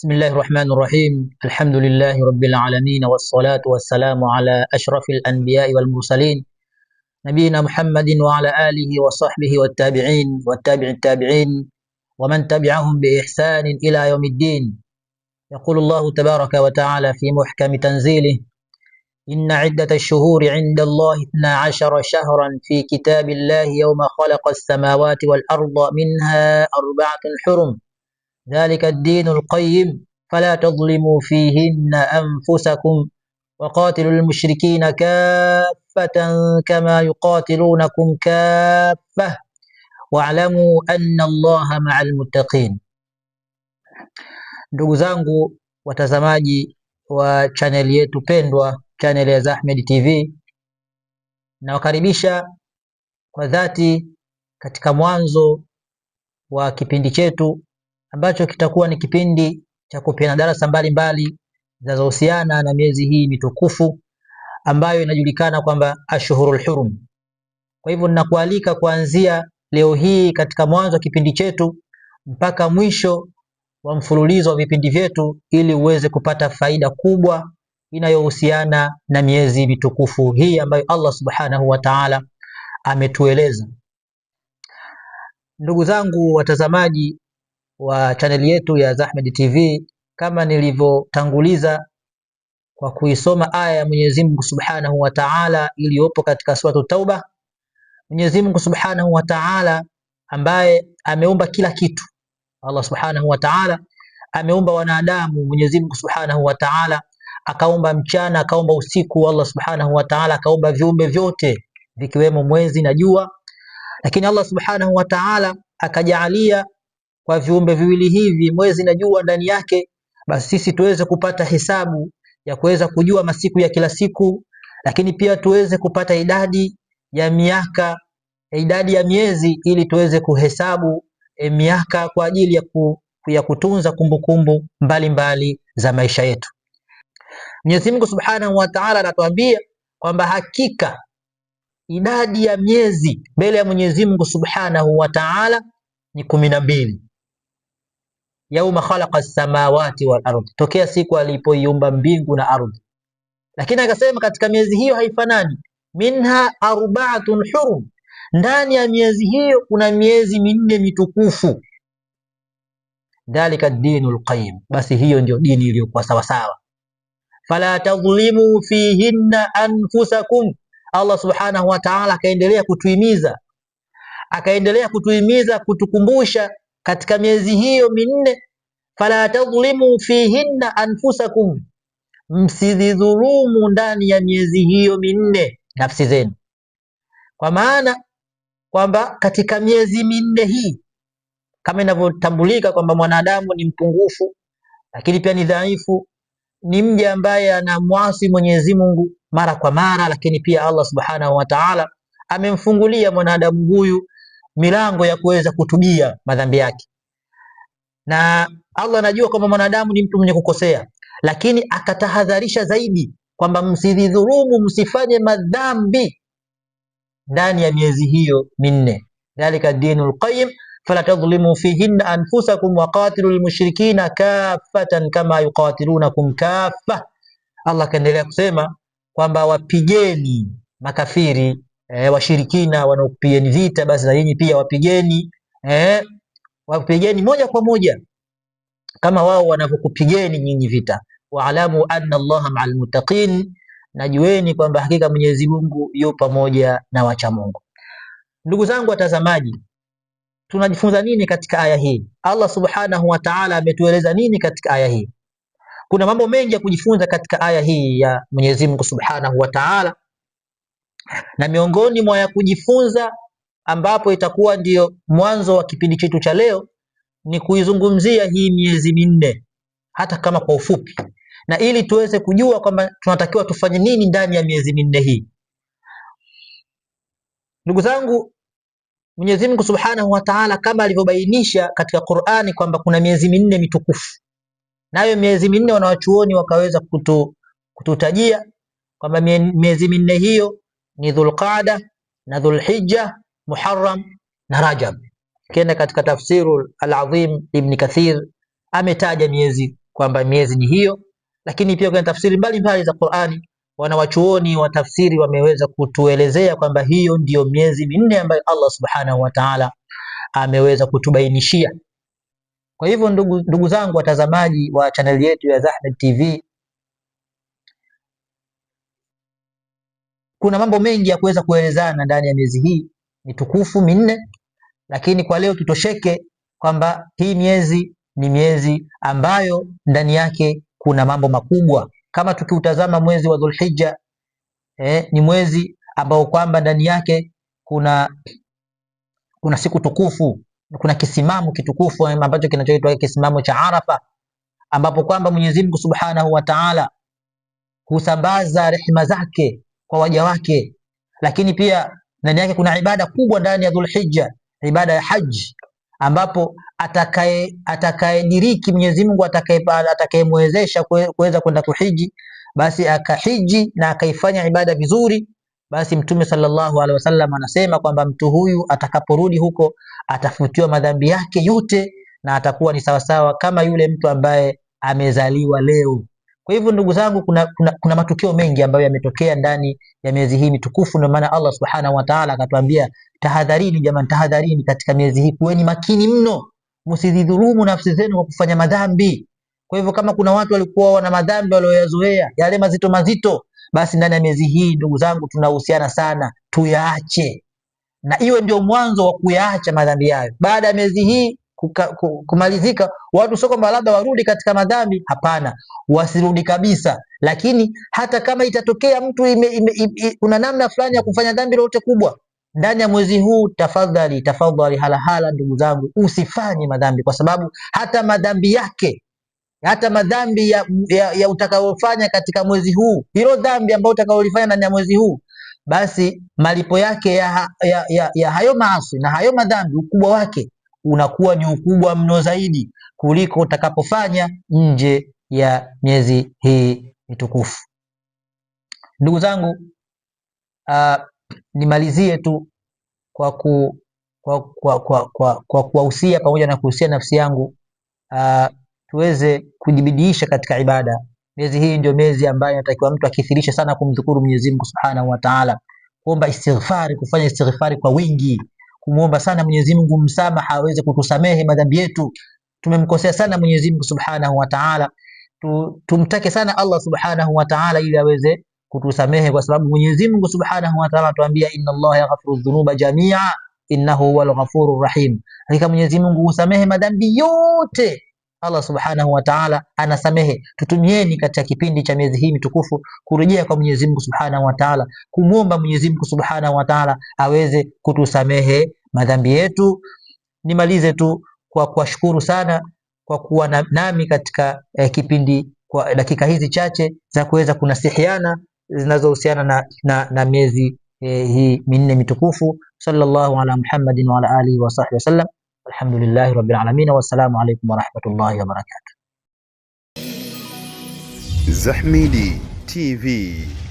بسم الله الرحمن الرحيم الحمد لله رب العالمين والصلاة والسلام على أشرف الأنبياء والمرسلين نبينا محمد وعلى آله وصحبه والتابعين والتابع التابعين ومن تبعهم بإحسان إلى يوم الدين يقول الله تبارك وتعالى في محكم تنزيله إن عدة الشهور عند الله 12 شهرا في كتاب الله يوم خلق السماوات والأرض منها أربعة حرم dhalika ad-dinu al-qayyim fala tadhlimu fihinna anfusakum wa qatilu al-mushrikina kaffatan kama yuqatilunakum kaffah wa'lamu anna Allaha ma'al muttaqin. Ndugu zangu watazamaji wa chaneli yetu pendwa, chaneli ya Zahmid TV, nawakaribisha kwa dhati katika mwanzo wa kipindi chetu ambacho kitakuwa ni kipindi cha kupeana darasa mbalimbali zinazohusiana na miezi hii mitukufu ambayo inajulikana kwamba ashhurul hurum. Kwa hivyo ninakualika kuanzia leo hii katika mwanzo wa kipindi chetu mpaka mwisho wa mfululizo wa vipindi vyetu, ili uweze kupata faida kubwa inayohusiana na miezi mitukufu hii ambayo Allah subhanahu wa ta'ala ametueleza. Ndugu zangu watazamaji wa chaneli yetu ya Zahmid TV, kama nilivyotanguliza kwa kuisoma aya ya Mwenyezi Mungu Subhanahu wa Ta'ala iliyopo katika suratu Tauba. Mwenyezi Mungu Subhanahu wa Ta'ala ambaye ameumba kila kitu, Allah Subhanahu wa Ta'ala ameumba wanadamu. Mwenyezi Mungu Subhanahu wa Ta'ala akaumba mchana, akaumba usiku. Allah Subhanahu wa Ta'ala akaumba viumbe vyote vikiwemo mwezi na jua, lakini Allah Subhanahu wa Ta'ala akajaalia kwa viumbe viwili hivi, mwezi na jua ndani yake, basi sisi tuweze kupata hesabu ya kuweza kujua masiku ya kila siku, lakini pia tuweze kupata idadi ya miaka, idadi ya miezi, ili tuweze kuhesabu e, miaka kwa ajili ya, ku, ya kutunza kumbukumbu mbalimbali za maisha yetu. Mwenyezi Mungu Subhanahu wa Ta'ala anatuambia kwamba hakika idadi ya miezi mbele ya Mwenyezi Mungu Subhanahu wa Ta'ala ni kumi na mbili yauma khalaqa samawati wal ardhi, tokea siku alipoiumba mbingu na ardhi. Lakini akasema katika miezi hiyo haifanani, minha arbaatun hurum, ndani ya miezi hiyo kuna miezi minne mitukufu. Dhalika dinul qayyim, basi hiyo ndio dini iliyokuwa sawasawa. Fala tadhlimu fihinna anfusakum, Allah subhanahu wa ta'ala akaendelea kutuhimiza, akaendelea kutuhimiza, kutukumbusha katika miezi hiyo minne, fala tadhlimu fihinna anfusakum, msidhulumu ndani ya miezi hiyo minne nafsi zenu, kwa maana kwamba katika miezi minne hii kama inavyotambulika kwamba mwanadamu ni mpungufu, lakini pia ni dhaifu, ni mja ambaye anamwasi Mwenyezi Mungu mara kwa mara, lakini pia Allah Subhanahu wa Ta'ala amemfungulia mwanadamu huyu milango ya kuweza kutubia madhambi yake, na Allah anajua kwamba mwanadamu ni mtu mwenye kukosea, lakini akatahadharisha zaidi kwamba msidhulumu, msifanye madhambi ndani ya miezi hiyo minne. Dhalika dinul qayyim fala tadhlimu fihinna anfusakum qatilul mushrikina kaffatan kama yuqatilunakum kaffa. Allah akaendelea kusema kwamba wapigeni makafiri eh, washirikina wanaokupigeni vita, basi na nyinyi pia wapigeni eh, wapigeni moja kwa moja kama wao wanavyokupigeni nyinyi vita. Waalamu anna Allaha ma'al muttaqin, najueni kwamba hakika Mwenyezi Mungu yupo pamoja na wacha Mungu. Ndugu zangu watazamaji, tunajifunza nini katika aya hii? Allah subhanahu wa ta'ala ametueleza nini katika aya hii? Kuna mambo mengi ya kujifunza katika aya hii ya Mwenyezi Mungu subhanahu wa ta'ala na miongoni mwa ya kujifunza ambapo itakuwa ndiyo mwanzo wa kipindi chetu cha leo ni kuizungumzia hii miezi minne, hata kama kwa ufupi, na ili tuweze kujua kwamba tunatakiwa tufanye nini ndani ya miezi minne hii. Ndugu zangu, Mwenyezi Mungu Subhanahu wa Ta'ala kama alivyobainisha katika Qur'ani kwamba kuna miezi minne mitukufu, nayo miezi minne wanawachuoni wakaweza kutu, kututajia kwamba miezi minne hiyo ni Dhulqaada na Dhulhijja, Muharram na Rajab. Ukienda katika Tafsiru Al-Azim Ibn Kathir ametaja miezi kwamba miezi ni hiyo, lakini pia kwenye tafsiri mbalimbali za Qur'ani wanawachuoni wa tafsiri wameweza kutuelezea kwamba hiyo ndiyo miezi minne ambayo Allah Subhanahu wa Ta'ala ameweza kutubainishia. Kwa hivyo ndugu, ndugu zangu watazamaji wa chaneli yetu ya Zahmid TV Kuna mambo mengi ya kuweza kuelezana ndani ya miezi hii mitukufu minne, lakini kwa leo tutosheke kwamba hii miezi ni miezi ambayo ndani yake kuna mambo makubwa. Kama tukiutazama mwezi wa Dhulhijja eh, ni mwezi ambao kwamba ndani yake kuna kuna siku tukufu, kuna kisimamu kitukufu eh, ambacho kinachoitwa kisimamu cha Arafa, ambapo kwamba Mwenyezi Mungu Subhanahu wa Ta'ala husambaza rehema zake kwa waja wake, lakini pia ndani yake kuna ibada kubwa ndani ya Dhulhijja, ibada ya haji, ambapo atakaye atakayediriki Mwenyezi Mungu atakayemwezesha kuweza kwenda kuhiji, basi akahiji na akaifanya ibada vizuri, basi Mtume sallallahu alaihi wasallam anasema kwamba mtu huyu atakaporudi huko atafutiwa madhambi yake yote na atakuwa ni sawasawa kama yule mtu ambaye amezaliwa leo. Kwa hivyo ndugu zangu, kuna, kuna, kuna matukio mengi ambayo yametokea ndani ya miezi hii mitukufu. Ndio maana Allah subhanahu wa ta'ala akatuambia, tahadharini jamani, tahadharini katika miezi hii, kuweni makini mno, msidhulumu nafsi zenu kwa kufanya madhambi. Kwa hivyo kama kuna watu walikuwa wana madhambi walioyazoea yale mazito mazito, basi ndani ya miezi hii ndugu zangu, tunahusiana sana tuyaache, na iwe ndio mwanzo wa kuyaacha madhambi hayo. Baada ya miezi hii kumalizika, watu sio kwamba labda warudi katika madhambi, hapana, wasirudi kabisa. Lakini hata kama itatokea mtu ime, ime, ime, una namna fulani ya kufanya dhambi lolote kubwa ndani ya mwezi huu, tafadhali tafadhali, halahala, ndugu zangu, usifanye madhambi, kwa sababu hata madhambi yake hata madhambi ya, ya, ya utakayofanya katika mwezi huu, hilo dhambi ambayo utakayolifanya ndani ya mwezi huu, basi malipo yake ya, ya, ya, ya hayo maasi na hayo madhambi, ukubwa wake unakuwa ni ukubwa mno zaidi kuliko utakapofanya nje ya miezi hii mitukufu. Ndugu zangu, uh, nimalizie tu kwa ku kwa kwa kwa kwa kwa kuwahusia pamoja na kuhusia nafsi yangu uh, tuweze kujibidiisha katika ibada. Miezi hii ndio miezi ambayo inatakiwa mtu akithirisha sana kumdhukuru Mwenyezi Mungu Subhanahu wa Ta'ala, kuomba istighfari, kufanya istighfari kwa wingi kumuomba sana Mwenyezi Mungu msamaha, aweze kutusamehe madhambi yetu. Tumemkosea sana Mwenyezi Mungu Subhanahu wa Ta'ala. Tumtake sana Allah Subhanahu wa Ta'ala ili aweze kutusamehe, kwa sababu Mwenyezi Mungu Subhanahu wa Ta'ala atuambia, inna Allah yaghfiru dhunuba jamia innahu huwal ghafurur rahim, hakika Mwenyezi Mungu husamehe madhambi yote Allah subhanahu wa ta'ala anasamehe. Tutumieni katika kipindi cha miezi hii mitukufu kurejea kwa Mwenyezi Mungu subhanahu wa ta'ala, kumwomba Mwenyezi Mungu subhanahu wa ta'ala aweze kutusamehe madhambi yetu. Nimalize tu kwa kuwashukuru sana kwa kuwa nami katika eh, kipindi kwa dakika hizi chache za kuweza kunasihiana zinazohusiana na, na, na miezi eh, hii minne mitukufu. Sallallahu ala Muhammadin wa ala alihi wa sahbihi wasallam. الحمد لله رب العالمين والسلام عليكم ورحمة الله وبركاته زحمي تي في